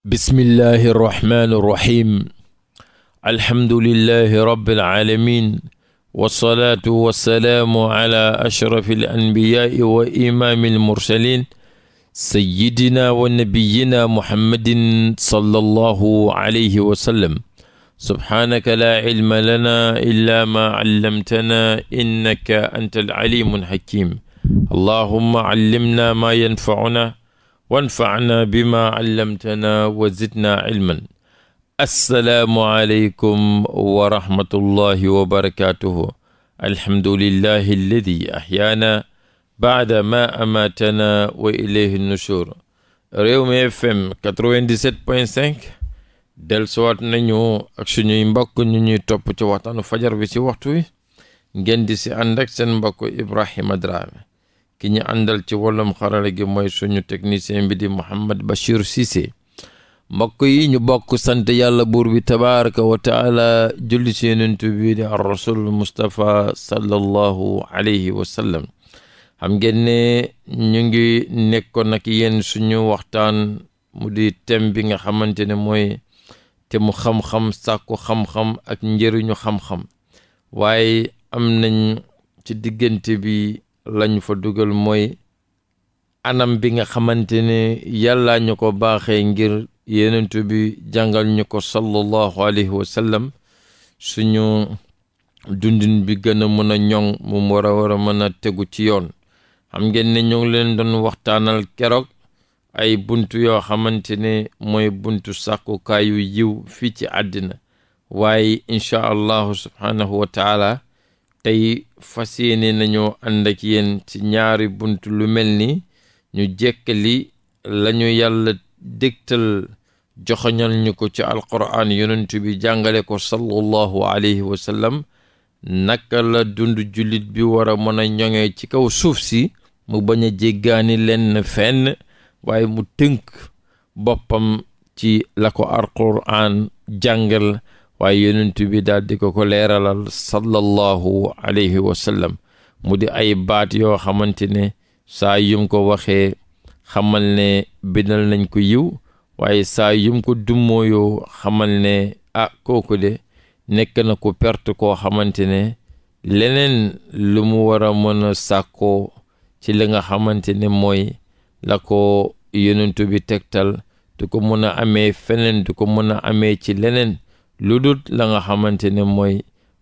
bismillahi irrahmani irrahim alhamdulillahi rabbil alamin wassalaatu wassalaamu ala ashrafi alanbiyaai wa imaami almursalin sayidina wa nabiyina muhammadin sallallahu alayhi wa sallam subhaanaka laa cilma lana illa maa callamtana innaka anta alcalimu alxakim allahumma callimna maa yanfacuna wanfacna bima allamtana wa zidna ilman asalaamualeykum wa rahmatullahi wa barakatuhu alhamdulillahi alladi ahyaana baada ma amaatana wa ilayhi nushur Rewmi FM 97.5 dellusiwaat nañu ak suñuy mbokk ñu ñuy topp ci waxtaanu fajar bi ci waxtu wi ngeen di si ànd ak seen mbokk Ibrahima Drame ki ñu àndal ci wàllum xarala gi mooy suñu technicien bi di Mouhamed Bachir Cissé mbokk yi ñu bokk sant yàlla buur bi tabaraka wa taala julli ci yonent bi di ar rasul Mustapha sallallahu alayhi wa sallam xam ngeen ñu ngi nekkoon nag yéen suñu waxtaan mu di thème bi nga xamante ne mooy te mu xam-xam sàkku xam-xam ak njëriñu xam-xam waaye am nañ ci diggante bi lañu fa dugal mooy anam bi nga xamante ne yàllaa ñu ko baaxe ngir yenentu bi jàngal ñu ko sallallahu alayhi wa suñu dundin bi gën a mën a ñoŋ mu war a war mën tegu ci yoon xam ngeen ne ñu leen doon waxtaanal keroog ay buntu yoo xamante ne mooy buntu sàkkukaayu yiw fii ci àddina waaye incha allahu subhaanahu wa tey fas yéene nañu ànd ak yéen ci ñaari bunt lu mel ni ñu li lañu yàlla dégtal joxoñal ko ci alquran yonent bi jàngale ko sallallahu alayhi wa naka la dund jullit bi wara mën a ñoŋee ci kaw suuf si mu bañ a jéggaani lenn fenn waaye mu tënk boppam ci la ko alquran jàngal waaye yonent bi daal di ko ko leeralal sallallahu alayhi wa mu di ay baat yoo xamante ne saa yum ko waxee xamal ne bindal nañ ko yiw waaye saa yum ko yoo xamal ne a ah, kooku de nekk na ko perte koo xamante ne leneen lu mu war a mën a sàkkoo ci li nga xamante ne mooy la ko yonent bi tegtal du ko mën a amee feneen du ko mën a amee ci leneen lu dut la nga xamante ne mooy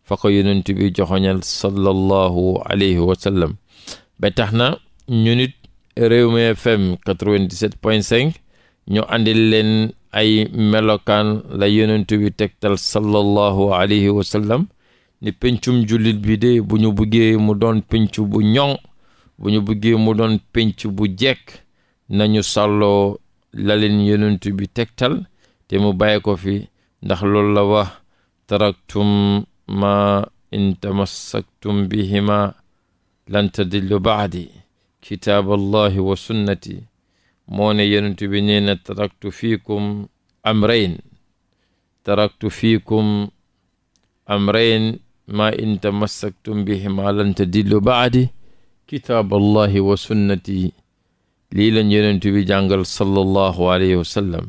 fa ko bi joxoñal sallallahu alayhi wasalam sallam ba tax na ñu nit Rewmi FM 97.5 ñu andil leen ay melokaan la yonent bi tegtal sallallahu alayhi wa sallam ni pencum jullit bi de bu ñu buggee mu doon penc bu ñoŋ bu ñu buggee mu doon penc bu jekk nañu sàlloo la leen yonent bi tegtal te mu bàyyi ko fi ndax loolu la wax taraktum ma in tamassaktum bihima lan tadillu baadi kitaaballahi wa sunnati moo ne yonent bi nee na taraktu fiikum amrayn taraktu fiikum amrayn ma in tamassaktum bihima lan tadillu baadi kitaaballahi wa sunnati lii lañ yonent bi jàngal sallallahu alayhi wa sallam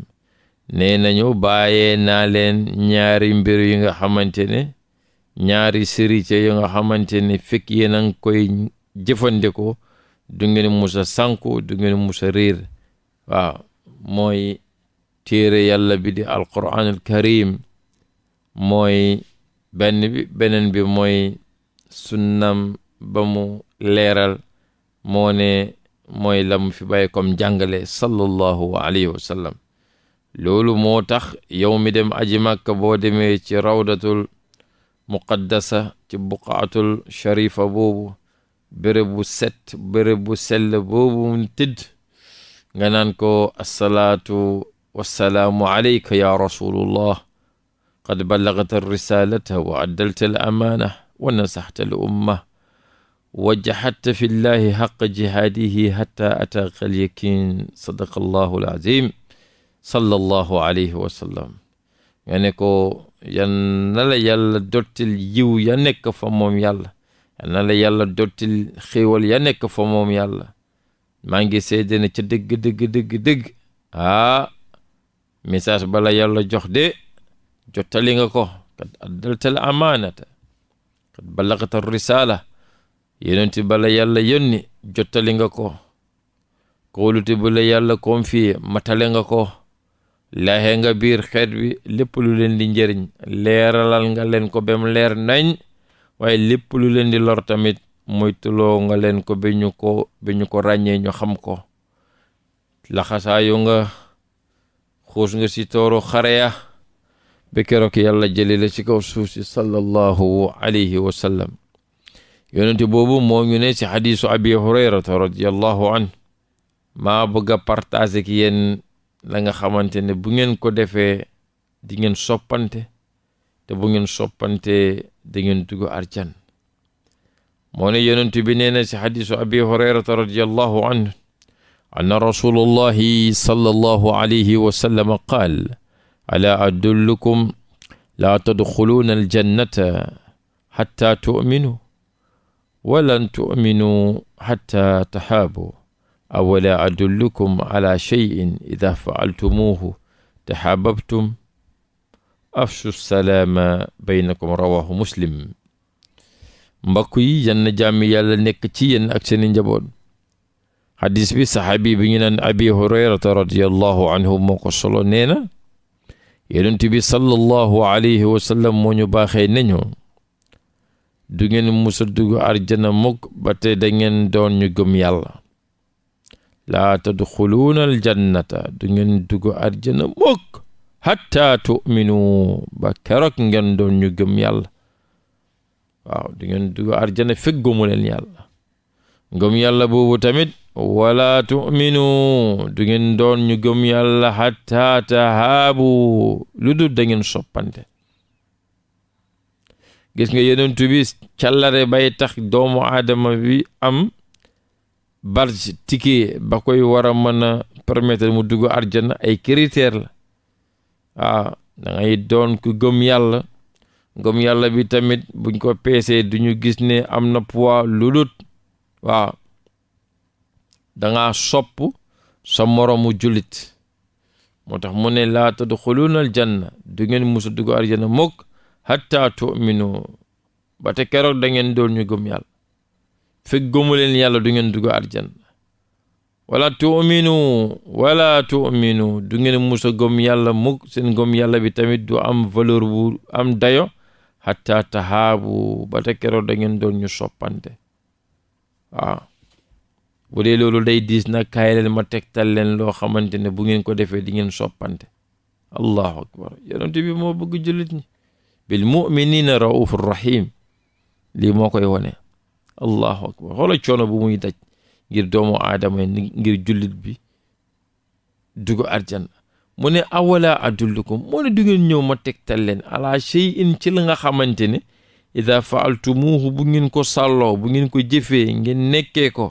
nee ñëw bàyyee naa leen ñaari mbir yi nga xamante ne ñaari sérite yi nga xamante ne fekk yéen a ngi koy jëfandikoo du ngeen musa sànku du ngeen musa réer waaw mooy téere yàlla bi di alquraanul karim mooy benn bi beneen bi mooy sunnam ba mu leeral moo mooy lamu fi bàyyi kom jàngale sallallahu alayhi wa loolu moo tax yow mi dem aji màkka boo demee ci rawdatul muqaddasa ci buqaatul sharifa boobu bërëb bu set bërëb bu sell boobu mu tëdd nga naan ko assalaatu wassalaamu aleyka ya rasulullah qad ballagta risalata wa addalta al amaana wa al umma wajahatta fi llahi xaqa jihaadihi xata al yakin sadaqa allahu al azim sallallahu alayhi wa sallam ne ko yan na la dottil yiw ya nekk fa moom yàlla yan na la yàlla dottil xéewal ya nekk fa moom yàlla maa ngi seede ne ca dëgg dëgg dëgg dëgg aa ah, message bala yàlla jox de jottali nga ko kat addaltal amaanata kat balaxata risaala yonent bala yàlla yónni jottali nga ko kóolute bala yàlla confié matale nga ko laxe nga biir xeet bi lépp lu leen di njëriñ leeralal nga leen ko bem leer nañ waaye lépp lu leen di lor tamit moytuloo nga leen ko ba ko ñu ko ràññee ñu xam ko laxasaayu nga xuus nga si tooru xare ya ba keroog yàlla jëli la ci kaw suuf si sallallahu alayhi wa sallam boobu moo ñu ne si xadiisu abi hurayrata radiallahu an maa bëgg a partager la nga xamante ne bu ngeen ko defee di ngeen soppante te bu ngeen soppante da ngeen dugg arjan moo ne yonent bi nee na si xadisu abi hurayrata radiallahu anhu anna rasulullahi sallallahu alayhi wa sallam qaal alaa adullukum laa tadxuluuna aljannata xatta tu'minu walan tu'minu xatta taxaabu awala adullukum ala cheyin ida faaltumuuhu tahaababtum afshu salaama baynakum rawahu muslim mbokk yi yan na jàmmi yàlla nekk ci yéen ak seeni njaboot hadis bi saxaabi bi ñu naan abi hurayrata radiallahu anhu moo ko solo nee na yonent bi sallallahu wa ñu baaxee nañu du ngeen musa dugg arjana mukk da ngeen doon ñu gëm yàlla laa tadxuluuna aljannata du ngeen dugg arjana mukk hatta tu'minu ba keroog ngeen doon ñu gëm yàlla waaw du ngeen dugg arjana fekk gëmu leen yàlla gëm yàlla boobu tamit wala tu'minu du ngeen doon ñu gëm yàlla hatta tahaabu lu dul da ngeen soppante gis nga yenentu bi càllare bay tax doomu aadama bi am barge ticket ba koy war a mën a permettre mu dugg arjana ay critère la waaw da doon ku gëm yàlla gëm yàlla bi tamit buñ ko peesee duñu gis ne am na poids lulut waaw danga sopp sa moroomu jullit moo tax mu ne laata du laa na aljanna du ngeen musa dugg arjana mukk hatta tu'minu ba te keroog da ngeen doon ñu gëm yàlla fekk gëmu leen yàlla du ngeen dugg arjan wala tu'minu wala tu'minu du ngeen mus a gëm yàlla mukk seen gëm yàlla bi tamit du am valeur bu am dayo hatta tahaabu ba te keroog da ngeen doon ñu soppante waaw bu loolu day diis nag ma tegtal leen loo xamante ne bu ngeen ko defee di ngeen soppante allahu akbar yonent bi moo bëgg jullit ñi bil mu'minina raufur rahim lii moo koy wone allahu akbar xoolal coono bu muy daj ngir doomu aadama ngir jullit bi dugg arjana mu ne awala adullukum moo ne du ngeen ñëw ma tegtal leen ala shay'in ci la nga xamante ne ida faaltumuuhu bu ngeen ko sàlloo bu ngeen ko jëfee ngeen nekkee ko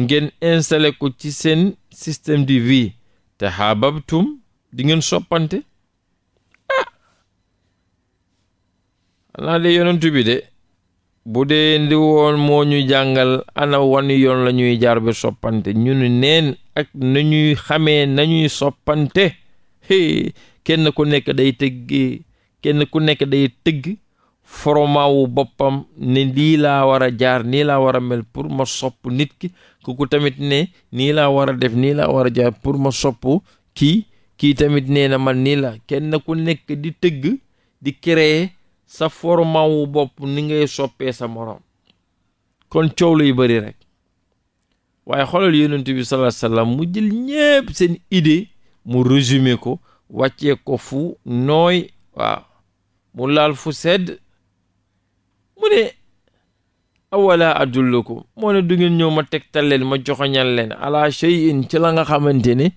ngeen installé ko ci seen système di vie te xaababtum tum ngeen soppante ah de yonentu bi de bu dee ndi woon moo ñu jàngal ana wan yoon la ñuy jaar ba soppante ñun neen ak nañuy xamee nañuy soppante kenn ku nekk day tëgg kenn ku nekk day tëgg foromaawu boppam ne lii laa war a jaar nii laa war a mel pour ma sopp nit ki kuku tamit ne nii la war a def nii la war a jaar pour ma sopp kii kii tamit nee na man nii la kenn ku nekk di tëgg di créer sa formawu bopp ni ngay soppee sa moroom kon coow lay bëri rek waaye xoolal yonent bi sallallahu alayhi mu jël ñépp seen idée mu résumé ko wàccee ko fu nooy waaw mu laal fu sedd mu ne awala adullukum moo ne du ngeen ñëw ma tegtal leen ma joxoñal leen ala shay'in ci la nga xamante ne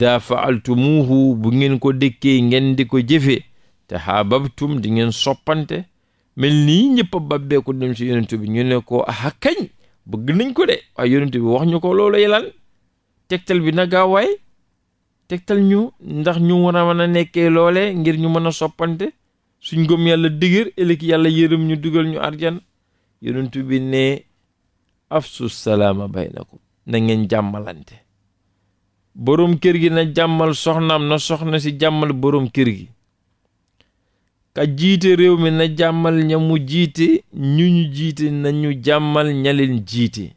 fa faaltumuhu bu ngeen ko dëkkee ngeen di ko jëfee te haababtum di ngeen soppante mel nii ñëpp a babbeeku dem si yonent bi ñu ne ko aha kañ bëgg nañ ko de waaye yonent bi wax ñu ko loolu yelan tegtal bi na gaaw waay tegtal ñu ndax ñu war a mën a nekkee loole ngir ñu mën a soppante suñ gëm yàlla digër ëllëg yàlla yërëm ñu dugal ñu arjan yonent bi ne afsu salaama baynakum na ngeen jàmmalante borom kër gi na jàmmal soxnaam na soxna si jàmmal borom kër gi ka jiite réew mi na jàmmal ña mu jiite ñu ñu jiite nañu jàmmal ña leen jiite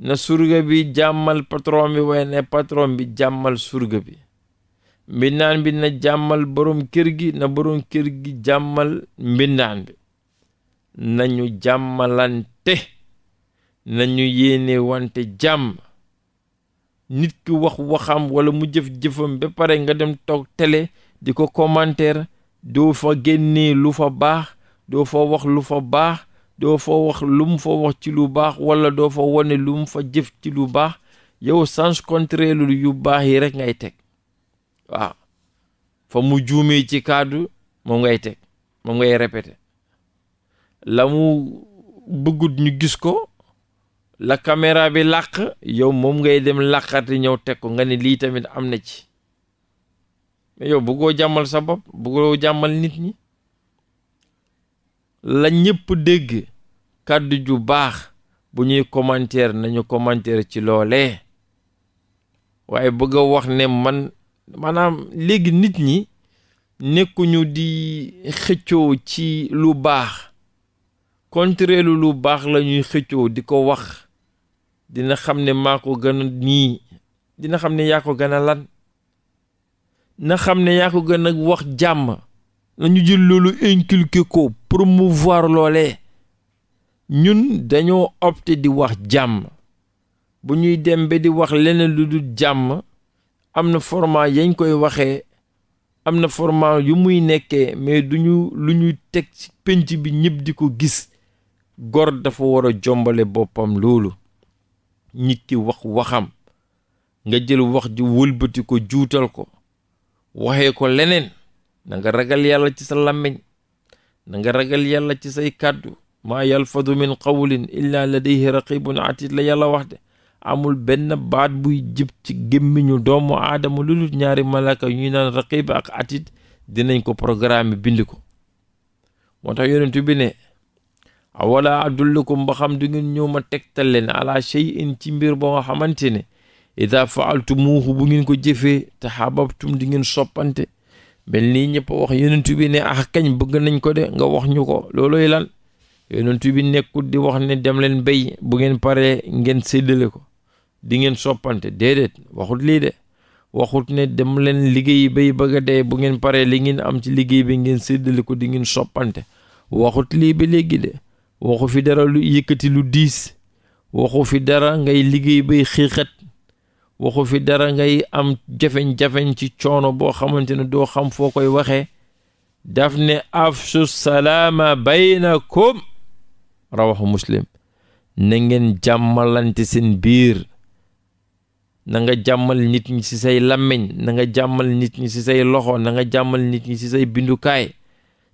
na surga bi jàmmal patron bi waaye na patron bi jàmmal surga bi mbindaan bi na jàmmal boroom kër gi na boroom kër gi jàmmal mbindaan bi nañu jàmmalante nañu yéene wante jàmm nit ki wax waxam wala mu jëf jëfam ba pare nga dem toog télé di ko commentaire doo fa génnee lu fa baax doo fa wax lu fa baax doo fa wax lu mu fa wax ci lu baax wala doo fa wone lu mu fa jëf ci lu baax yow sans contre lu yu baax yi rek ngay teg waaw fa mu juumee ci kàddu moom ngay teg moom ngay répété la mu bëggut ñu gis ko la kamera bi làq yow moom ngay dem làqati ñëw teg ko nga ne lii tamit am na ci mais yow bëggoo jàmmal sa bopp bëggoo jàmmal nit ñi la ñëpp dégg kàddu ju baax bu ñuy commentaire nañu commentaire ci loole waaye bëgg a wax ne man maanaam léegi nit ñi nekkuñu di xëccoo ci lu baax contraire lu baax lañuy ñuy xëccoo di ko wax dina xam ne maa ko gën a nii dina xam ne yaa ko gën a lan na xam ne yaa ko gën a wax jàmm nañu jël loolu inculquer ko promouvoir loolee ñun dañoo opter di wax jàmm bu ñuy dem ba di wax leneen lu dul jàmm am na format yañ koy waxee am na format yu muy nekkee mais duñu lu ñuy teg ci pénc bi ñëpp di ko gis gor dafa war a jombale boppam loolu nit ki wax waxam nga jël wax ji wëlbati ko juutal ko waxee ko leneen na nga ragal yàlla ci sa làmmiñ na nga ragal yàlla ci say kàddu maa yalfadu min qawlin illa ladayhi raqibun atid la yàlla wax amul benn baat buy jib ci gémmiñu doomu aadama lu dul ñaari malaka ñuy naan raqib ak atit dinañ ko programme bindi ko moo tax yonent bi ne awala adullukum ba xam du ngeen ñëw ma tegtal leen ala shay'in ci mbir boo nga xamante ne ida faaltumuuhu bu ngeen ko jëfee te xababtum di ngeen soppante mel nii ñëpp wax yonent bi ne ah kañ bëgg nañ ko de nga wax ñu ko looloy lan yonent bi nekkul di wax ne dem leen béy bu ngeen paree ngeen séddale ko di ngeen soppante déedéet waxut lii de waxut ne dem leen liggéey bay bëgg a bu ngeen paree li ngeen am ci liggéey bi ngeen séddale ko di ngeen soppante waxut lii ba léegi de waxu fi dara lu yëkkati lu diis waxu fi dara ngay liggéey bay xiixat waxu fi dara ngay am jafeñ-jafeñ ci coono boo xamante ne doo xam foo koy waxee daf ne afsu salaama baynakum rawaxu muslim na ngeen jàmmalante seen biir na nga jàmmal nit ñi ci say làmmiñ na nga jàmmal nit ñi ci say loxo na nga jàmmal nit ñi ci say bindukaay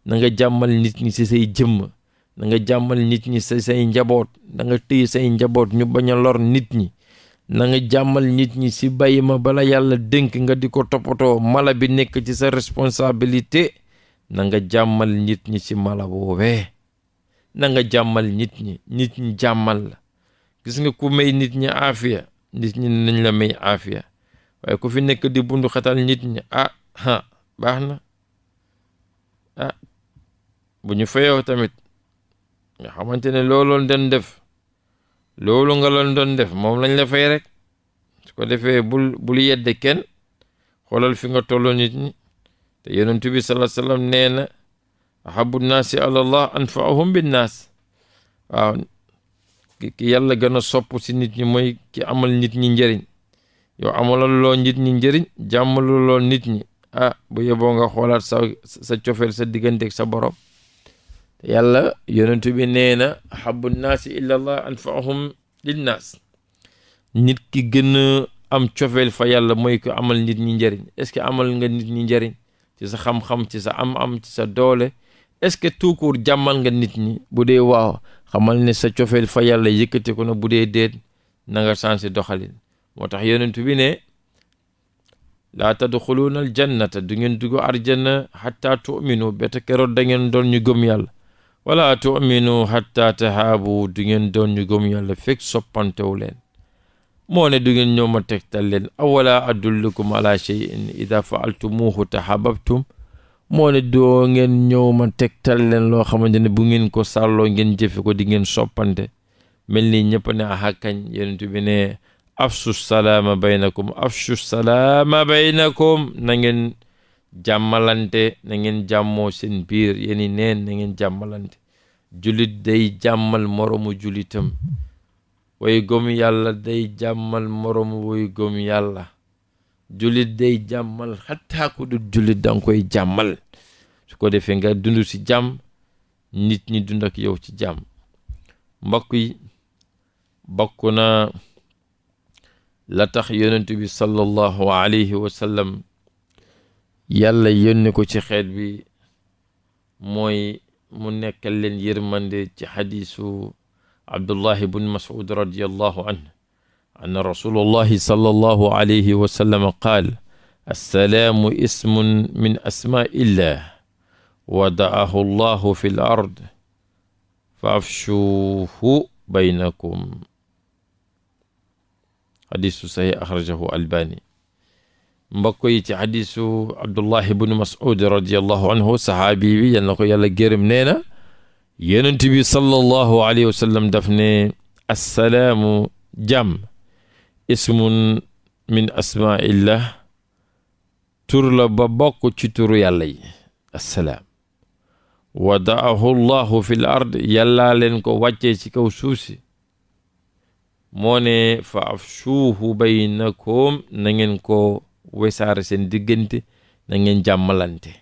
na nga jàmmal nit ñi ci say jëmm nanga jàmmal nit ñi ci say njaboot na nga say njaboot ñu bañ a lor nit ñi nanga jàmmal nit ñi ci bàyyi ma bala yàlla dénk nga di ko toppatoo mala bi nekk ci sa responsabilité na nga jàmmal nit ñi ci mala boobee na nga jàmmal nit ñi nit ñi jàmmal la gis nga ku may nit ñi aafiya nit ñi nañ la may aafiya waaye ku fi nekk di bundu xatal nit ñi ah ha baax na ah bu ñu fayoo tamit nga xamante ne looloo den def loolu nga loon doon def moom lañ la fay rek su ko defee bul bul yedde kenn xoolal fi nga tolloo nit ñi te yonent bi sallallahu alayhi wasallam nee na ahabu naasi àlallah anfaahum binnaas waaw ki yàlla gën a sopp si nit ñi mooy ki amal nit ñi njariñ yow amalal loo nit ñi njëriñ jàmmaloo loo nit ñi a ah, bu yeboo nga xoolaat sa sa cofeel sa digganteeg sa borom yàlla yonent bi nee na xabu naasi illa allah anfaahum linnaas nit ki gën a am cofeel fa yàlla mooy ko amal nit ñi njëriñ est-ce que amal nga nit ñi njariñ ci sa xam-xam ci sa am-am ci sa doole est-ce que tout court jàmmal nga nit ñi bu dee waaw xamal ne sa cofeel fa yàlla yëkkati ko na bu dee déet na nga sensé doxalin moo tax yonent bi ne laa tadxuluuna al jannata du ngeen dugg arjana xataa tu'minu bete keroog da ngeen doon ñu gëm yàlla wala tuminu hatta tahaabu du ngeen doon ñu gëm yàlla fekk soppantewu leen moo ne du ngeen ñëw ma tegtal leen awala adullukum ala cheyin ida faaltumuhu tahababtum moo ne doo ngeen ñëw ma tegtal leen loo xamante ne bu ngeen ko sàlloo ngeen jëfe ko di ngeen soppante mel ni ñëpp ne ahakkañ yonent bi ne afshu salaama baynakum afshu salaama baynakum na ngeen jàmmalante na ngeen jàmmoo seen biir yéen neen na ngeen jàmmalante julit day jàmmal moromu jullitam way gom yàlla day jàmmal moromu way gom yàlla jullit day jàmmal xattaa ku du jullit danga koy jàmmal su ko defee nga dund ci jàmm nit ñi dund ak yow ci jàmm mbokk yi bokk na la tax yonent bi sallallahu alayhi wa yàlla yónni ko ci xeet bi mooy mu nekkal leen yërmande ci xadiisu abdullahi bun mas'ud radiallahu anhu anna rasulullahi sallallahu alayhi wa sallam qaal assalaamu ismun min asmaa'illah wada'ahu llahu fi l ard fa afshuuhu baynakum xadiisu saxiix axrajahu albani mbokk yi ci hadisu abdullahi ibnu mas'ud radiallahu anhu sahaabi bi ko yàlla gërëm nee na bi sallallahu alayhi wa sallam daf ne assalaamu jàmm min asmaillah tur la ba ci turu yàlla yi assalaam ko wàccee ci kaw suuf si moo fa afshuuhu baynakum na wesaare seen diggante na ngeen jàmmalante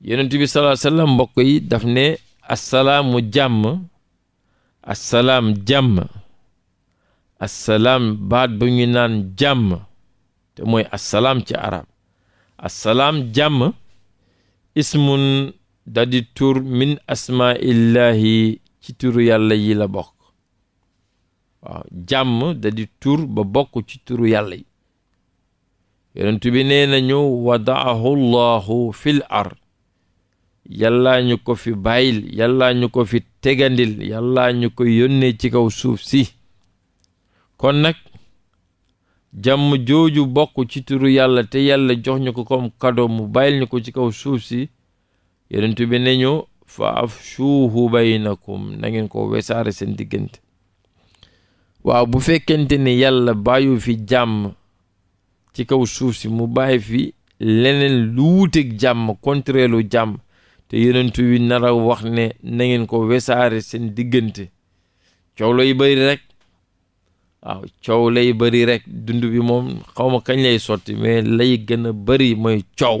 yonent bi sallallahu alayhi mbokk yi daf ne assalaamu jàmm assalaam jàmm assalaam baat bu ñu naan jàmm te mooy assalaam ci arab assalaam jàmm ismun dadi tuur min asmaillahi ci turu yàlla yi la bokk waaw jàmm dadi tur ba bokk ci turu yàlla yi yonent bi nee nañu wadaahu llahu fil ar yàllaa ñu ko fi bàyyil yàllaa ñu ko fi tegandil yàllaa ñu ko yónnee ci kaw suuf si kon nag jàmm jooju bokk ci turu yàlla te yàlla jox ñu ko comme cadeau mu bàyyil ko ci kaw suuf si yonent bi ne ñu fa afshuuhu baynakum na ngeen ko wesaare seen diggante bu fekkente ne yàlla fi jàmm ci kaw suuf si mu bàyyi fi leneen lu wuuteeg jàmm contraire jàmm te yonent wi nar a wax ne na ngeen ko wesaare seen diggante coow lay bëri rek waaw coow lay bari rek dund bi moom xaw ma kañ lay sotti mais lay gën a bari mooy coow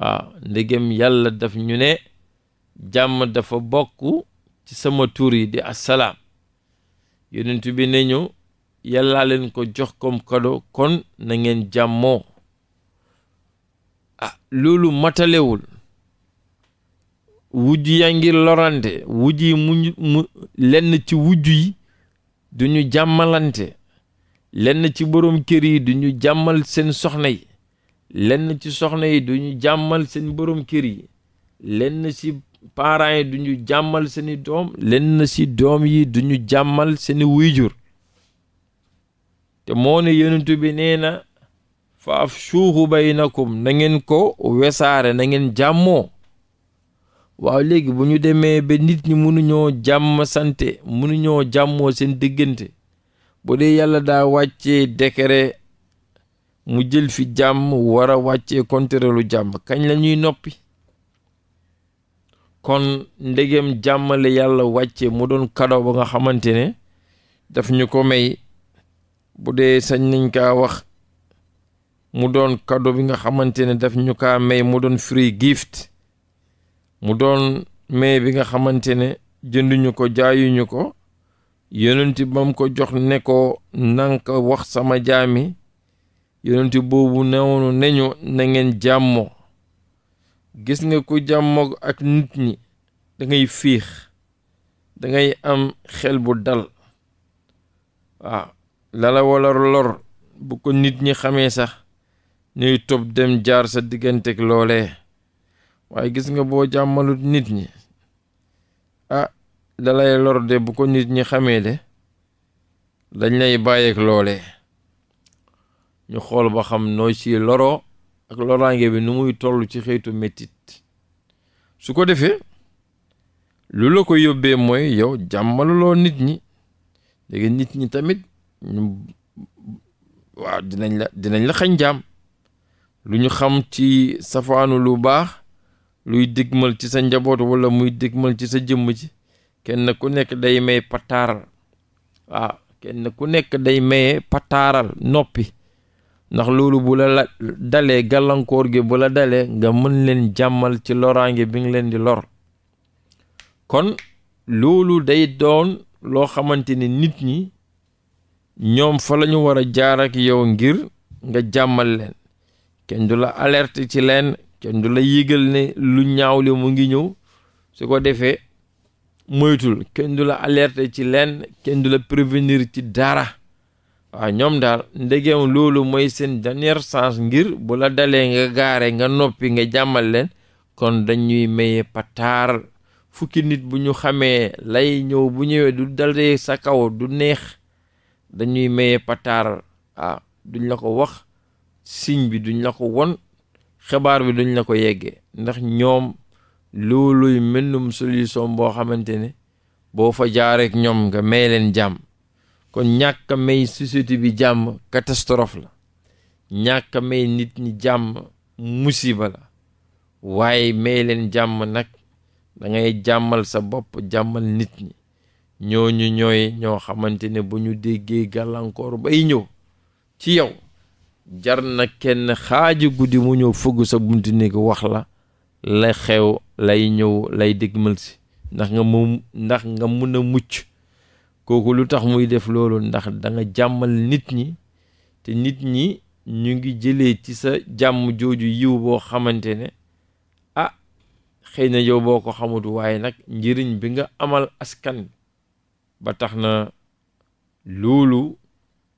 waaw ndegem yàlla daf ñu ne jàmm dafa bokk ci sama tuur yi di asalaam yonent bi ne ñu yàllaa leen ko jox comme cadeau kon nangeen jàmmoo ah loolu matalewul wujj yaa ngir lorante wujj yi mu lenn ci wujj yi duñu jàmmalante lenn ci boroom kër yi duñu jàmmal seen soxna yi lenn ci soxna yi duñu jàmmal seen boroom kër yi lenn ci parents yi duñu jàmmal seeni doom lenn ci doom yi duñu jàmmal seeni wuyjur te moone ne bi nee na fa afshuuhu baynakum na nangeen ko wesaare na ngeen jàmmoo waaw léegi bu ñu demee ba nit ñi mënuñoo jàmm sante mënuñoo jàmmoo seen diggante bu dee yàlla daa wàccee décret mu jël fi jàmm war a wàccee contraire jàmm kañ lañuy noppi kon ndegem jàmm la yàlla wàcce mu doon cadeau ba nga xamante ne daf ñu ko may bu dee sañ nañ kaa wax mu doon cadeau bi nga xamante ne daf ñu kaa may mu doon free gift mu doon may bi nga xamante ne jënduñu ko jaayuñu ko yonenti bam ko jox ne ko nanka wax sama jaami yonenti boobu newoonu neñu na ngeen jàmmoo gis nga ko jàmmoo ak nit ñi da fiix dangay am xel bu dal waaw lala wala lor bu ko nit ñi xamee sax ñuy topp dem jaar sa digganteeg loolee waaye gis nga boo jàmmalut nit ñi a ah, dalay lor de bu ko nit ñi xamee de dañ lay bàyyeeg loolee ñu xool ba xam nooy ci loroo ak loraange bi nu muy tollu ci xeetu mettit su ko defee lu la ko yóbbee mooy yow jàmmaluloo nit ñi léegi nit ñi tamit waaw dinañ la dinañ la xañ jaam lu ñu xam ci safaanu lu baax luy digmal ci sa njaboot wala muy mal ci sa jëmm ji kenn ku nekk day maye pataaral noppi ndax loolu bu la dalee gàllankoor gi bu la dalee nga mën leen jàmmal ci loraange bi nga leen di lor kon loolu day doon loo xamante ni nit ñi ñoom fa la ñu war a jaar yow ngir nga jàmmal leen kenn du la alerte ci leen kenn du la yëgal ne lu ñaaw li mu ngi ñëw su ko defee moytul kenn du la alerte ci leen kenn du la prévenir ci dara waa ñoom daal ndegeem loolu mooy seen dernière chance ngir bu la dalee nga gaare nga noppi nga jàmmal leen kon dañuy maye pataar fukki nit bu ñu xamee lay ñëw bu ñëwee du dalee sa kaw du neex dañuy maye pataar ah duñ la ko wax signe bi duñ la ko won xabaar bi duñ la ko yeggee ndax ñoom looluy mennum solution boo xamante ne boo fa jaareek ñoom nga may leen jàmm kon ñàkk may société bi jàmm catastrophe la ñàkk may nit ñi jàmm musiba la waaye may leen jàmm nag dangay jàmmal sa bopp jàmmal nit ñi ñooñu ñooy ñoo xamante ne bu ñu déggee gàllankoor bay ñëw ci yow jar na kenn xaaji guddi mu ñëw fëgg sa bunt néeg wax la la xew lay ñëw lay dégmal si ndax nga mu ndax nga mun a mucc kooku lu tax muy def loolu ndax danga jàmmal nit ñi te nit ñi ñu ngi jëlee ci sa jàmm jooju yiw boo xamante ne ah xëy na yow boo ko xamut waaye nag njëriñ bi nga amal askan ba tax na loolu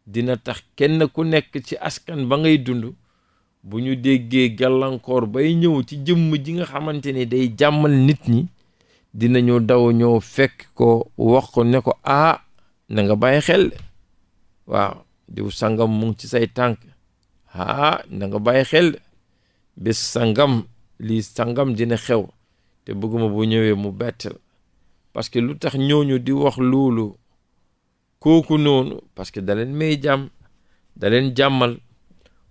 dina tax kenn ku nekk ci askan ba ngay dund bu ñu déggee gàllankoor bay ñëw ci jëmm ji nga xamante ni day jàmmal nit ñi dinañu daw ñëw fekk ko wax ko ne ko ah na nga bàyyi xel waaw diw sangam mu ci say tànk ah na nga bàyyi xel bés sangam lii sangam dina xew te bëgguma bu ñëwee mu bett parce que lu tax ñooñu di wax loolu kooku noonu parce que da leen may jàmm da jàmmal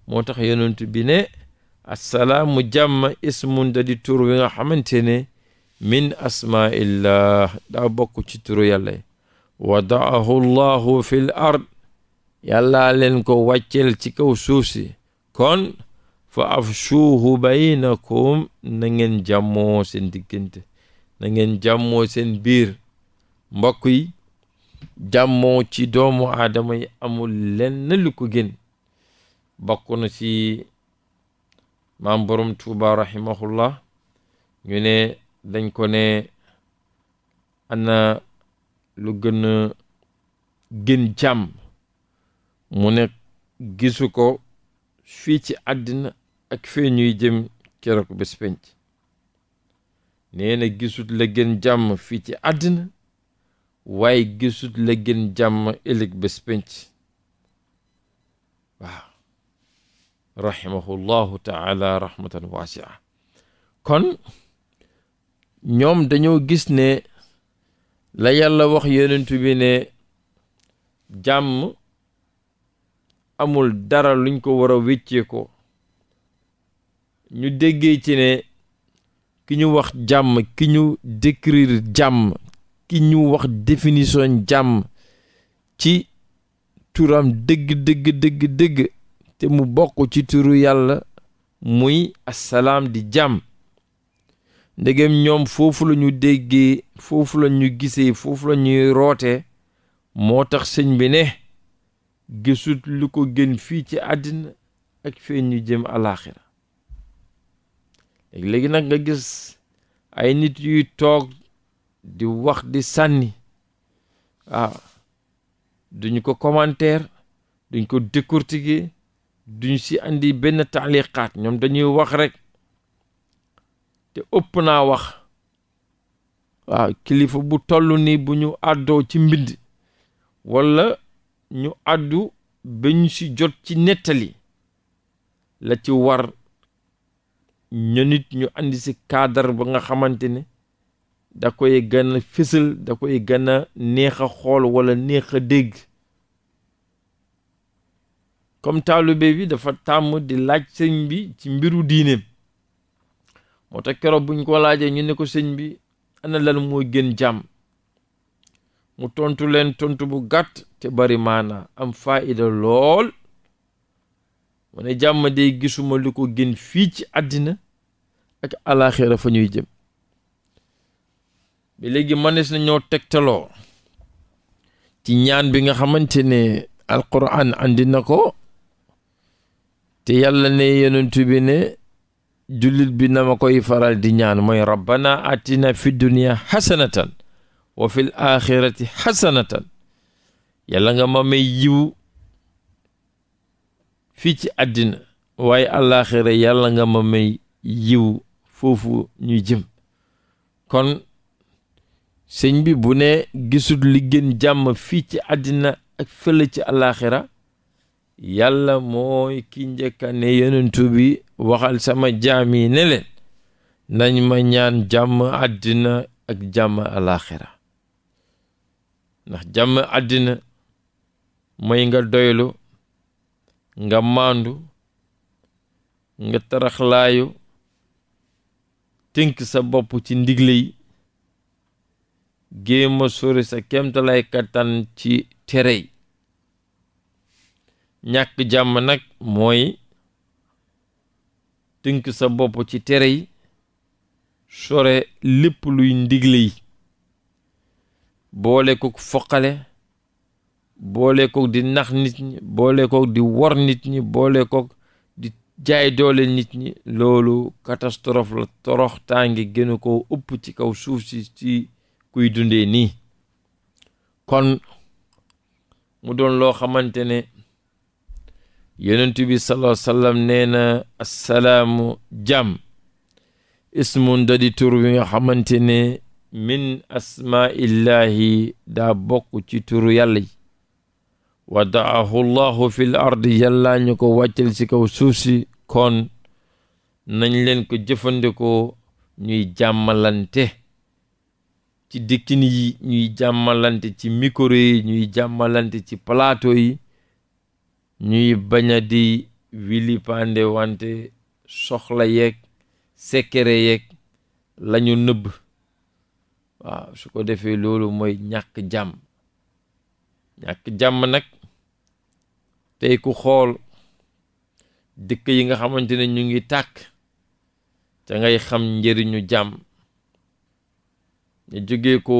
moo tax yonent bi ne assalaamu jàmm ismun da di tur wi nga xamante ne min asmaillah daa bokk ci turu yàlla yi wadaahu llahu fi ard yàllaa leen ko wàcceel ci kaw suuf si kon fa afshuuhu baynakum na ngeen jàmmoo seen diggante na ngeen jàmmoo seen biir mbokk yi jàmmoo ci doomu aadama yi amul lenn lu ko gën bokk na ci maam borom tuuba rahimahullah ñu ne dañ ko ne ana lu gën a gën jàmm mu ne gisu ko fii ci àddina ak fee ñuy jëm keroog bés penc nee gisut la gën jàmm fii ci àddina waaye gisut la gën jàmm ëllëg bés penc waaw rahimahullahu taala rahmatan kon ñoom dañoo gis ne la yàlla wax yonentu bi ne jàmm amul dara luñ ko war a wéccee ko ñu déggee ci ne ki ñu wax jàmm ki ñu décrire jàmm ki ñu wax définition jàmm ci turam dëgg dëgg dëgg dëgg te mu bokk ci turu yàlla muy assalaam di jàmm ndegem ñoom foofu la ñu déggee foofu la ñu gisee foofu la ñuy moo tax sëñ bi ne gisut lu ko gën fii ci àddina ak fee ñu jëm alaaxira léegi nag nga gis ay nit yuy toog di wax di sànni ah duñu ko commentaire duñ ko décortiquer duñ ci indi benn taaliqaat ñoom dañuy wax rek te ëpp naa wax waaw ah, kilifa bu toll nii bu ñu àddoo ci mbind walla ñu àddu ba ñu si jot ci nettali la ci war ñu nit ñu andi si cadre ba nga xamante ne da koy gën a da koy gën a neex a xool walla neex a dégg comme taalube bi dafa tàmm di laaj sëñ bi ci mbiru diineem moo tax keroog buñ ko laajee ñu ne ko sëñ bi ana lan moo gën jàmm mu tontu leen tontu bu gàtt te bari maanaa am faayida lool mu jàmm day gisuma lu ko gën fii ci àddina ak alaaxira bi léegi mënees na ñoo tegtaloo ci ñaan bi nga xamante ne alquran andi ko te yàlla ne yonent bi ne jullit bi na ma koy faral di ñaan mooy rabbana atina fi dunia xasanatan wa fil axirati xasanatan yàlla nga ma may yiw fii ci àddina waaye àllaaxira yàlla nga ma may yiw foofu ñuy jëm kon sëñ bi bu ne gisul li gën jàmm fii ci àddina ak fële ci àllaaxira yàlla mooy ki njëkka ne yenentu bi waxal sama jaam yi ne leen nañ ma ñaan jàmm àddina ak jàmm àllaaxira ndax jàmm àddina mooy nga doylu nga maandu nga taraxlaayu tënk sa bopp ci ndigle yi géem sori sa kemtalay kattan ci tere yi ñàkk jàmm nag mooy tënk sa bopp ci tere yi sore lépp luy ndigle yi boole ko foqale boole ko di nax nit ñi boole ko di wor nit ñi boole ko jaay doole nit ñi loolu catastrophe la torox tàngi gënu koo ëpp ci kaw suuf si ci kuy dundee nii kon mu doon loo xamante ne yonent bi sallallahu alayhi wa sallam nee na assalaamu jàmm ismun da di tur nga xamante ne min asmaillahi daa bokk ci turu yàlla yi wadaahu llahu fi l ardi ko wàccal ci kaw suuf kon nañ leen ko jëfandikoo ñuy jàmmalante ci dikkin yi ñuy jàmmalante ci micro yi ñuy jàmmalante ci plateau yi ñuy bañ a di wili wante soxla yeeg sekere yeeg lañu nëbb waaw su ko defee loolu mooy ñàkk jàmm ñàkk jàmm nag tey ku xool dëkk yi nga xamante ne ñu ngi tàkk te ngay xam njëriñu jàmm ñu jógee ko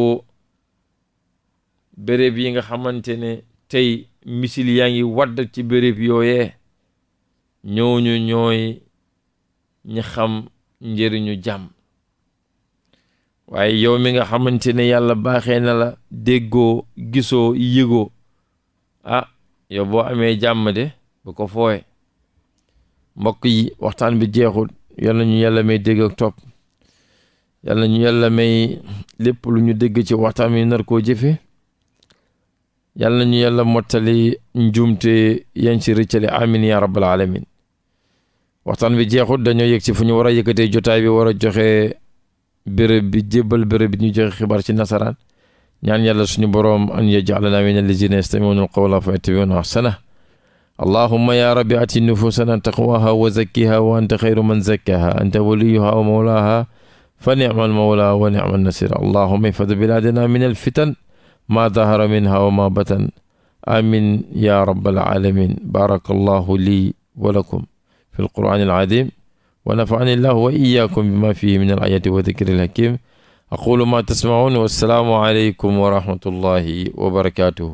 béréb yi nga xamante ne tey misil yaa ngi wadd ci béréb yooyee ñooñu ñooy ñi xam njëriñu jàmm waaye yow mi nga xamante ne yàlla baaxe na la déggoo gisoo yëgoo a ah, yow boo amee jàmm de bu ko fooye mbokk yi waxtaan bi jeexul yal na ñu yàlla may dégg ak topp yal na ñu yàlla may lépp lu ñu dégg ci waxtaan wi nar koo jëfe yal na ñu yàlla mottali njuumte yan ci rëccale amin ya rabbal alamin waxtaan bi jeexul dañoo yëg ci fu ñu war a yëkkatee jotaay bi war a joxe béréb bi jébbal béréb bi ñu joxe xibaar ci nasaraan ñaan yàlla suñu boroom an yajalana min allazina yastamiuna alqawla fa yattabiuna ahsana allahuma ya rabbi ati nufusana taqwaha wa zakkiha wa anta xayru man zakkaha anta waliyuha wa mawlaha fa nicma almawla wa nicma alnasir allahuma ihfad biladana min alfitan ma dahara minha wa ma batan amin ya rabbal alamin baraka allahu lii wa lakum fi alquran alazim wa nafani llahu wa iyakum bima fihi min alayati wa dikri alhakim aqulu ma tasmaun wassalaamu aleykum wa rahmatullahi wa barakatuhu